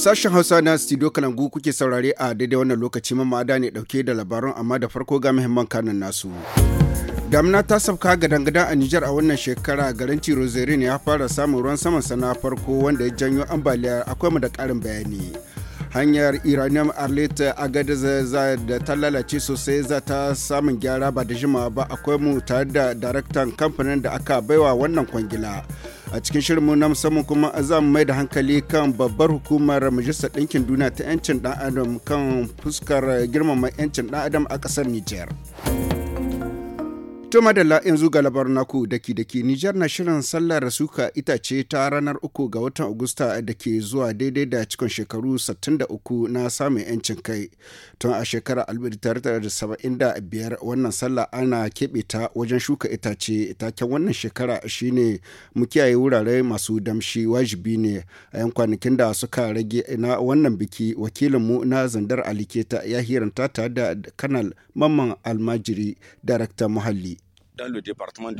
Sashen Hausa na Studio Kalangu kuke saurare a daidai wannan lokaci mamada ne dauke da labarun amma da farko ga muhimman kanan nasu. damina ta sauka ga dangadan a Nijar a wannan shekara garin Tirozerin ya fara samun ruwan saman sana farko wanda ya janyo ambaliya akwai mu da karin bayani. Hanyar Iranium Arleta Agadaza da ta lalace sosai za ta samun gyara ba da jimawa ba akwai mu tare da daraktan kamfanin da aka baiwa wannan kwangila. a cikin shirin mu na musamman kuma za mu mai da hankali kan babbar hukumar majalisar ɗinkin duniya ta 'yancin ɗan adam kan fuskar girmama 'yancin ɗan adam a ƙasar nijar. To madalla yanzu ga naku daki daki Nijar na shirin sallar suka itace ta ranar uku ga watan Agusta da ke zuwa daidai da cikon shekaru 63 na samun yancin kai. Tun a shekarar biyar wannan sallah ana keɓe ta wajen shuka itace taken wannan shekara shine mu kiyaye wurare masu damshi wajibi ne a yan kwanakin da suka rage na wannan biki wakilinmu na zandar aliketa ya hiranta ta da kanal mamman almajiri darakta muhalli.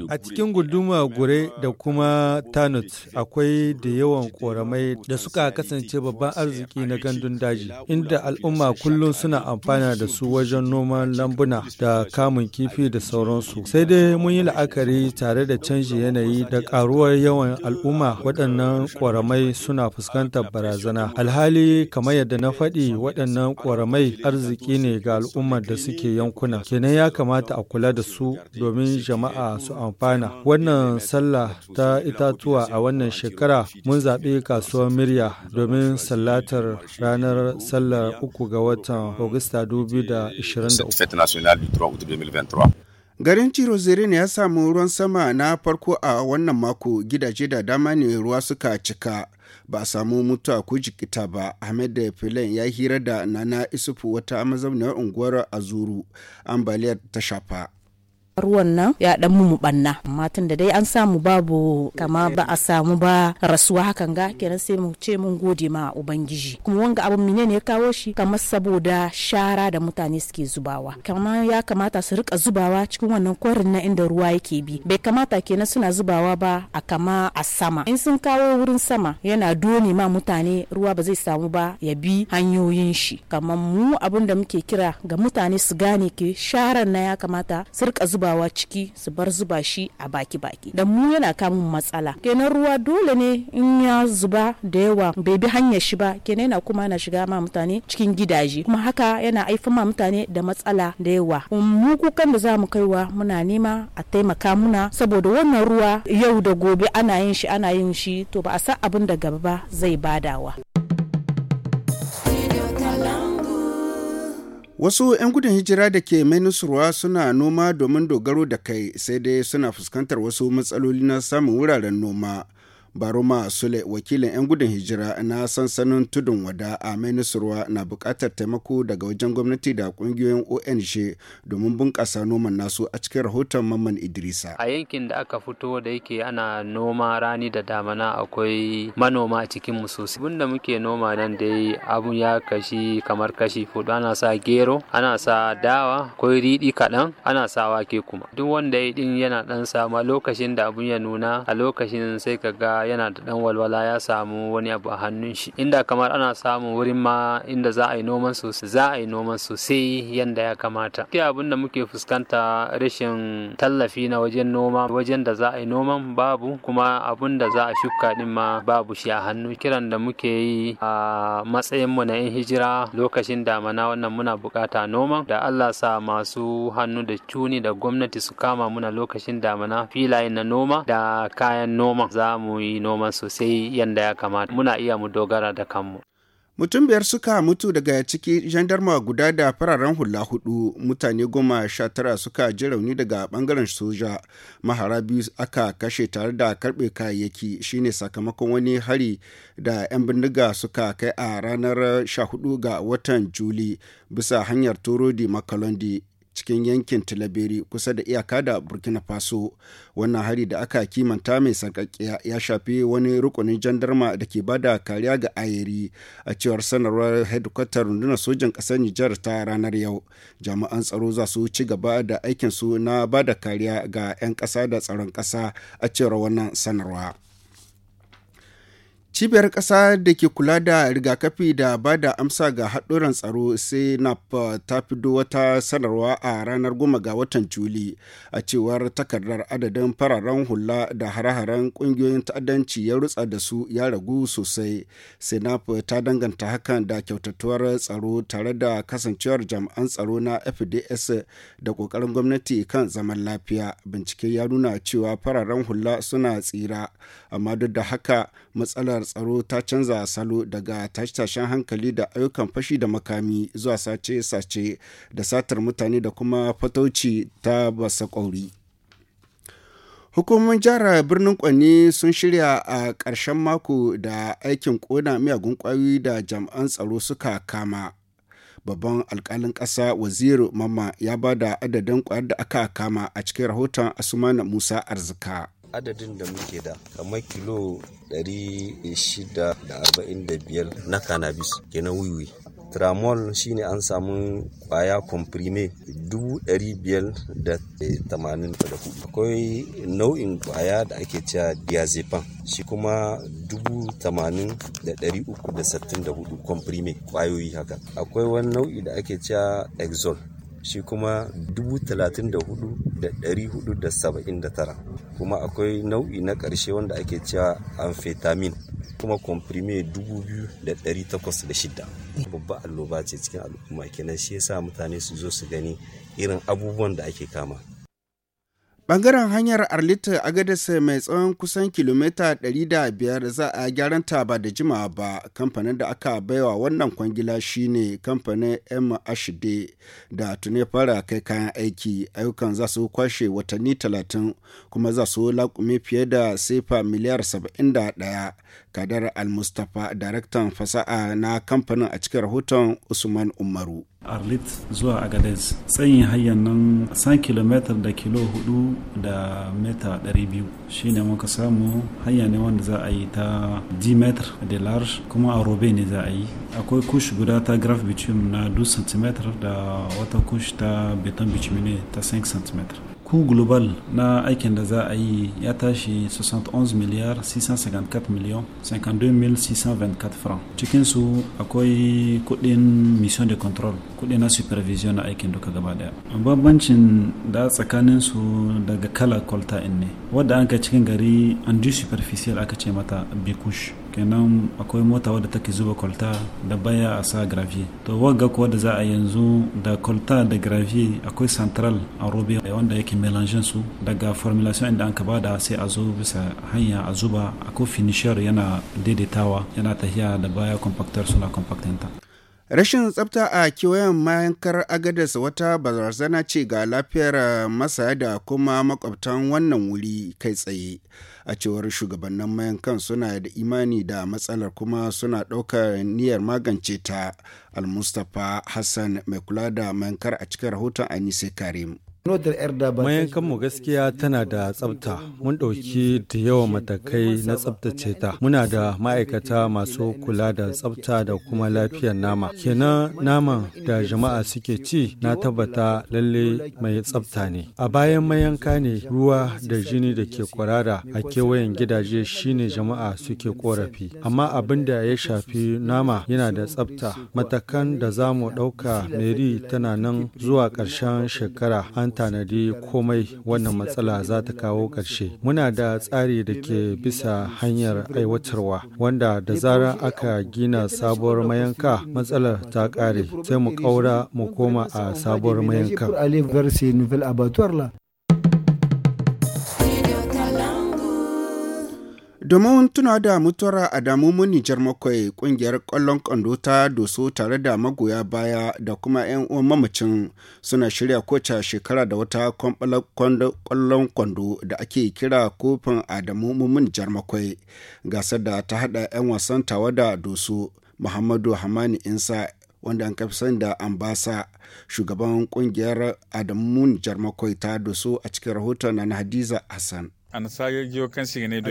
A cikin gunduma gure da kuma Tanut akwai da yawan koramai da suka kasance babban arziki na gandun daji, inda al'umma kullum suna amfana da su wajen noman lambuna da kamun kifi da sauransu. Sai dai mun yi la'akari tare da canji yanayi da karuwar yawan al'umma waɗannan koramai suna fuskantar barazana. Alhali kamar yadda na faɗi waɗannan koramai arziki ne ga al'ummar da suke yankuna. Kenan ya kamata a kula da su domin jama'a su amfana. Wannan sallah ta itatuwa a wannan shekara mun zaɓi kasuwar murya domin sallatar ranar sallar uku ga watan Agusta 2023. Garin Cirozirin ya samu ruwan sama na farko a wannan mako gidaje da dama ne ruwa suka cika. ba a samu mutuwa ko jikita ba ahmed da ya hira da nana isufu wata mazaunar unguwar azuru ambaliyar ta shafa ruwan nan ya dan mu banna matan da dai an samu babu kama ba a samu ba rasuwa hakan ga kenan sai mu ce mun gode ma ubangiji kuma wanga abun mine ne ya kawo shi kamar saboda shara da mutane suke zubawa kamar ya kamata su rika zubawa cikin wannan kwarin na inda ruwa yake bi bai kamata kenan suna zubawa ba a kama a sama in sun kawo wurin sama yana dole ma mutane ruwa ba zai samu ba ya bi hanyoyin shi kamar mu abun da muke kira ga mutane su gane ke sharan na ya kamata su rika zuba zubawa ciki su bar zuba shi a baki baki da mu yana kamun matsala kenan ruwa dole ne in ya zuba da yawa bai bi hanyar shi ba kenan yana kuma yana shiga ma mutane cikin gidaje kuma haka yana haifar ma mutane da matsala da yawa um, mu kukan da za mu kaiwa muna nema a taimaka muna saboda wannan ruwa yau da gobe ana yin shi ana yin shi to ba a san abin da gaba ba zai badawa. Wasu 'yan gudun hijira da ke nusurwa suna noma domin dogaro da kai sai dai suna fuskantar wasu matsaloli na samun wuraren noma. baruma sule wakilin 'yan gudun hijira na sansanin tudun wada a minisruwa na bukatar taimako daga wajen gwamnati da ƙungiyoyin ong domin bunƙasa noman nasu a cikin rahoton mamman idrisa a yankin da aka fito da yake ana noma rani da damana akwai manoma a cikin mu sosai da muke noma nan dai abu ya kashi kamar kashi fudu ana sa gero ana sa dawa akwai riɗi kaɗan ana sa wake kuma duk wanda ya din yana ɗan sama lokacin da abun ya nuna a lokacin sai ka ga yana da dan walwala ya samu wani abu a hannun shi inda kamar ana samun wurin ma inda za a yi noman sosai za a yi noman sosai yanda ya kamata ke abin da muke fuskanta rashin tallafi na wajen noma wajen da za a yi noman babu kuma abin da za a shuka din ma babu shi a hannu kiran da muke yi a matsayin mu na yan hijira lokacin damana wannan muna bukata noman da Allah sa masu hannu da cuni da gwamnati su kama muna lokacin damana filayen na noma da kayan noma za mu yi yi noma sosai yadda ya kamata muna iya mu dogara da kanmu mutum biyar suka mutu daga ciki jandarma guda da fararen hula hudu mutane goma sha tara suka ji rauni daga bangaren soja mahara biyu aka kashe tare da karbe kayayyaki shine sakamakon wani hari da 'yan bindiga suka kai a ranar sha hudu ga watan juli bisa hanyar turodi makalondi cikin yankin tilaberi kusa da iyaka da burkina faso wannan hari da aka kimanta mai sarkakkiya ya shafi wani rukunin jandarma da ke bada kariya ga ayeri a cewar sanarwar headquarter rundunar sojan ƙasar nijar ta ranar yau jami'an tsaro za su ci gaba da aikinsu na bada kariya ga 'yan ƙasa da tsaron ƙasa a cewar wannan sanarwa. Cibiyar ƙasa da ke kula da rigakafi da ba da amsa ga haɗuran tsaro Sinap, ta fido wata sanarwa a ranar goma ga watan Juli a cewar takardar adadin fararen hula da hare-haren ƙungiyoyin ta'addanci ya rutsa da su ya ragu sosai. Sinap ta danganta hakan da kyautatuwar tsaro tare da kasancewar jami'an tsaro na FDS da ƙoƙarin gwamnati kan zaman lafiya. Bincike ya nuna cewa fararen hula suna tsira, amma duk da haka matsalar tsaro ta canza salo daga tashe-tashen hankali da ayyukan fashi da makami zuwa sace-sace da satar mutane da kuma fatauci ta basa kwauri hukumomin jihar birnin kwanni sun shirya a ƙarshen mako da aikin ƙona miyagun ƙwayoyi da jami'an tsaro suka kama babban alkalin ƙasa waziri mama ya ba da adadin kwayar da aka kama a cikin rahoton asumana musa arzika adadin da muke da kamar kilo 645 na cannabis ke na wiwi tramol shine an samu kwaya comprime 584 akwai nau'in kwaya da ake cewa diazepam shi kuma 80,364 comprime kwayoyi haka akwai wani nau'i da ake cewa exol shi kuma 34,479 kuma akwai nau'i na ƙarshe wanda ake cewa amphetamine kuma komprime 2,806 babba alloba ce cikin al'umma kenan shi yasa mutane su zo su gani irin abubuwan da ake kama Bangaren hanyar Arlita Agadas mai tsawon kusan kilomita 105 za a gyaran ta ba da jimawa ba. Kamfanin da aka baiwa wannan kwangila shine kamfanin MHD da tune fara kai kayan aiki. Ayyukan za su kwashe watanni 30 kuma za su laƙume fiye da sefa miliyar 71. Kadar Al-Mustapha, daraktan fasa'a na kamfanin a cikin rahoton Usman Umaru. arlit zuwa agadez tsayin hanyar nan san km da kilo hudu da mita 200 ne muka samu hanya ne wanda za a yi ta dimeter de large kuma a robe ne za a yi akwai kush guda ta graph bitumen na 2 cm da wata kush ta beton bitumen ta 5 cm ku global na aikin da za a yi ya tashi 71 miliyar 654 miliyan 52,624 francs cikinsu akwai kudin mission de control kudi na supervision na aikin duka gaba daya bambancin da tsakanin su daga kala kwalta ne wadda an ka cikin gari andi superficial aka ce mata bikush kenan akwai mota wadda take zuba kwalta da baya a sa gravier to wagga kuwa da za a yanzu da kwalta da gravier akwai central a robe wanda yake melangen su daga formulation inda an kaba da sai a zo bisa hanya a zuba akwai finisher yana daidaitawa yana tahiya da baya compactor suna compactinta Rashin tsafta a kewayen mayankar Agadas wata barazana ce ga lafiyar eh, masaya da kuma makwabtan wannan wuri kai tsaye. A cewar shugabannin mayankan suna da imani da matsalar kuma suna ɗaukar niyyar magance ta. Al-Mustapha Hassan mai kula da mayankar a cikin rahoton Anise Karim. mayankanmu gaskiya tana da tsabta mun ɗauki da yawan matakai na tsabtace ta muna da ma'aikata masu kula da tsabta da kuma lafiyar nama kenan naman da jama'a suke ci na tabbata lalle mai tsabta ne a bayan mayanka ne ruwa da jini da ke kwarara a kewayen gidaje shine jama'a suke korafi amma abin da ya shafi nama yana da tsabta matakan da zamu mu ɗauka meri tana nan zuwa ƙarshen shekara an tanadi komai wannan matsala za ta kawo ƙarshe. Muna da tsari da ke bisa hanyar aiwatarwa wanda da zarar aka gina sabuwar mayanka matsalar ta ƙare sai mu ƙaura mu koma a sabuwar mayanka. domin tuna da mutuwar adamu mun nijar makwai kungiyar kwallon kwando ta doso tare da magoya baya da kuma 'yan uwan mamacin suna shirya kowace shekara da wata kwallon kwando da ake kira kofin adamu mun nijar makwai gasar da ta hada 'yan wasan tawa da doso muhammadu hamani insa wanda an kafi sani da ambasa shugaban kungiyar adamu nijar makwai ta doso a cikin rahoton na hadiza hassan a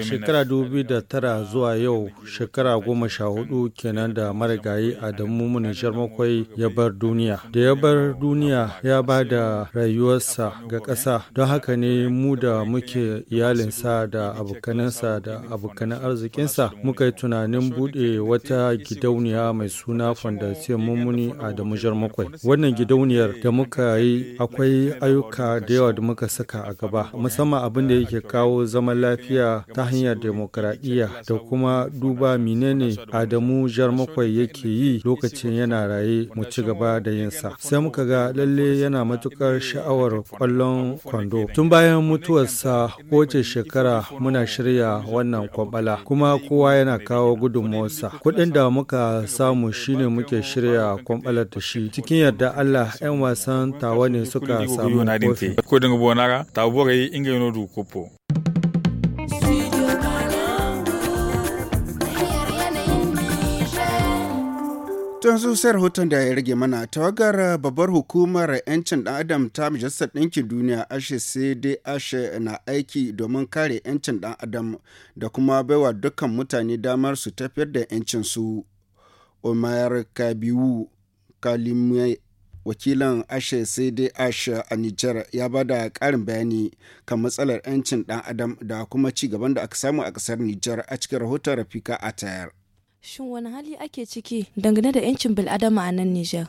shekara dubi da tara zuwa yau shekara goma sha hudu kenan da marigayi adamu munishar makwai ya bar duniya da ya bar duniya ya ba da rayuwarsa ga ƙasa don haka ne mu da muke iyalinsa da abokanansa da abokanan arzikinsa muka yi tunanin bude wata gidauniya mai suna fondasiyon mummuni adamu makwai. wannan gidauniyar da muka yi akwai ayyuka da yawa da muka saka a gaba musamman abin da yake kawo kawo zaman lafiya ta hanyar demokradiyya da kuma duba menene Adamu Jarmakwai yake yi lokacin yana raye mu ci gaba da yinsa. Sai muka ga lalle yana matukar sha'awar kwallon kwando. Tun bayan mutuwarsa kowace shekara muna shirya wannan kwambala kuma kowa yana kawo gudunmuwarsa Kuɗin da muka samu shine muke shirya kwambalar da shi. Cikin yadda Allah 'yan wasan tawa ne suka samu kofi. yanzu sai rahoton da ya rage mana tawagar babbar hukumar 'yancin dan adam ta majalisar ɗinkin duniya ashe sai dai ashe na aiki domin kare 'yancin dan adam da kuma baiwa dukkan mutane damar su tafiyar da 'yancin su omar kabiwu kalimai wakilan ashe sai dai ashe a nijar ya ba da ƙarin bayani kan matsalar 'yancin dan adam da kuma ci gaban da aka samu a ƙasar nijar a cikin rahoton rafika tayar. Shin wani hali ake ciki dangane da 'yancin bil'adama a nan Nijar?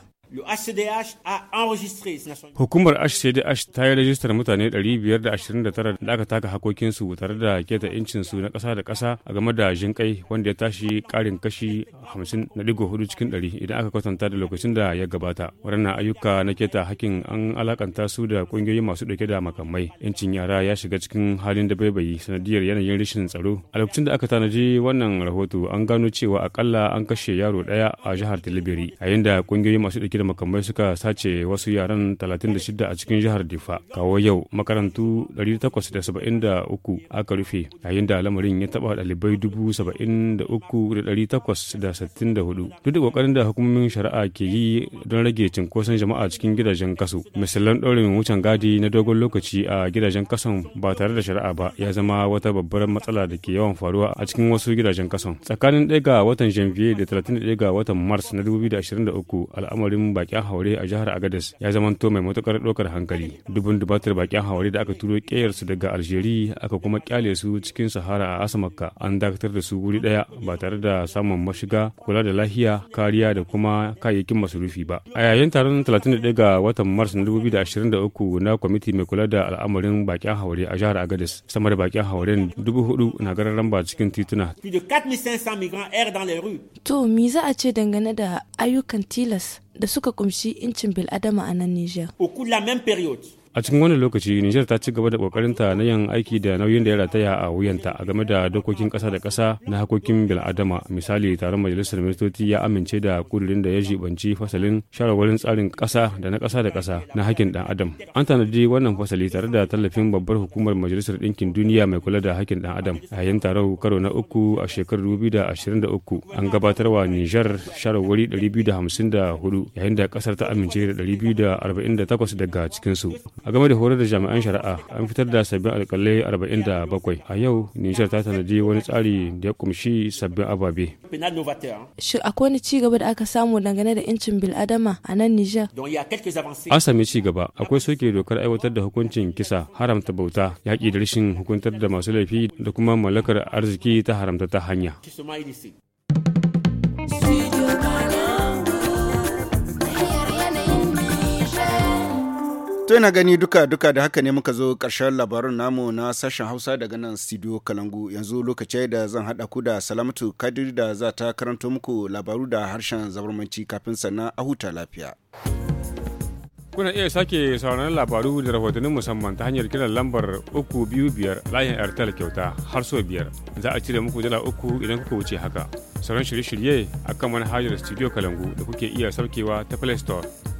Hukumar HCDH ta yi rajistar mutane 529 da aka taka hakokinsu tare da keta incinsu na kasa da kasa a game da jinƙai wanda ya tashi ƙarin kashi hudu cikin 100 idan aka kwatanta da lokacin da ya gabata. Waɗannan ayyuka na keta hakin an alakanta su da ƙungiyoyi masu ɗauke da makamai. Incin yara ya shiga cikin halin da baibayi sanadiyar yanayin rashin tsaro. A lokacin da aka tanaji wannan rahoto an gano cewa akalla an kashe yaro ɗaya a jihar Tilibiri yayin da ƙungiyoyi masu ɗauke da makamai suka sace wasu yaran 36 a cikin jihar Difa. Kawo yau makarantu 873 aka rufe yayin da lamarin ya taba dalibai 73,864. Duk da ƙoƙarin da hukumomin shari'a ke yi don rage cinkoson jama'a cikin gidajen kaso. Misalan ɗaurin wucin gadi na dogon lokaci a gidajen kason ba tare da shari'a ba ya zama wata babbar matsala da ke yawan faruwa a cikin wasu gidajen kason. Tsakanin 1 ga watan Janvier da 31 ga watan Mars na 2023 al'amarin bakin haure a jihar Agadez ya zamanto mai matukar ɗaukar hankali. Dubun dubatar bakin haure da aka turo su daga Algeria aka kuma kyale su cikin Sahara a Asamakka an dakatar da su wuri daya ba tare da samun mashiga, kula da lahiya, kariya da kuma kayayyakin masurufi ba. A yayin taron 31 ga watan Mars na 2023 na kwamiti mai kula da al'amarin bakin haure a jihar Agadez sama da bakin hauren 4,000 na garin ramba cikin tituna. To, me za a ce dangane da ayyukan tilas da suka kumshi incin bil'adama a nan Nijar. Au cours de la même période, a cikin wani lokaci nijar ta ci gaba da kokarinta na yin aiki da nauyin da ya rataya a wuyanta a game da dokokin kasa da kasa na hakokin bil'adama misali taron majalisar ministoci ya amince da kudurin da ya jibanci fasalin shawarwarin tsarin kasa da na kasa da kasa na hakkin dan adam an tanadi wannan fasali tare da tallafin babbar hukumar majalisar ɗinkin duniya mai kula da hakkin dan adam a yayin taron karo na uku a shekarar 2023 an gabatar wa nijar shawarwari 254 yayin da kasar ta amince da 248 daga cikinsu a game da horar da jami'an shari'a an fitar da sabbin alkalai bakwai a yau nijar ta tanadi wani tsari da ya kumshi sabbin ababe shi akwai wani ci gaba da aka samu dangane da incin bil'adama a nan nijar an sami ci gaba akwai soke dokar aiwatar da hukuncin kisa haramta bauta yaƙi da rashin hukuntar da masu laifi da kuma mallakar arziki ta haramta ta hanya To yana gani duka-duka da haka ne muka zo karshen labarin namu na sashen Hausa daga nan studio Kalangu yanzu lokaci da zan haɗa ku da Salamatu Kadir da za ta karanto muku labaru da harshen zabarmanci kafin sannan a huta lafiya. Kuna iya sake sauraron labaru da rahotannin musamman ta hanyar kiran lambar 325 layin Airtel kyauta har so biyar. Za a cire muku dala uku idan kuka wuce haka. Sauran shirye-shirye a kan manhajar Studio Kalangu da kuke iya saukewa ta Play Store.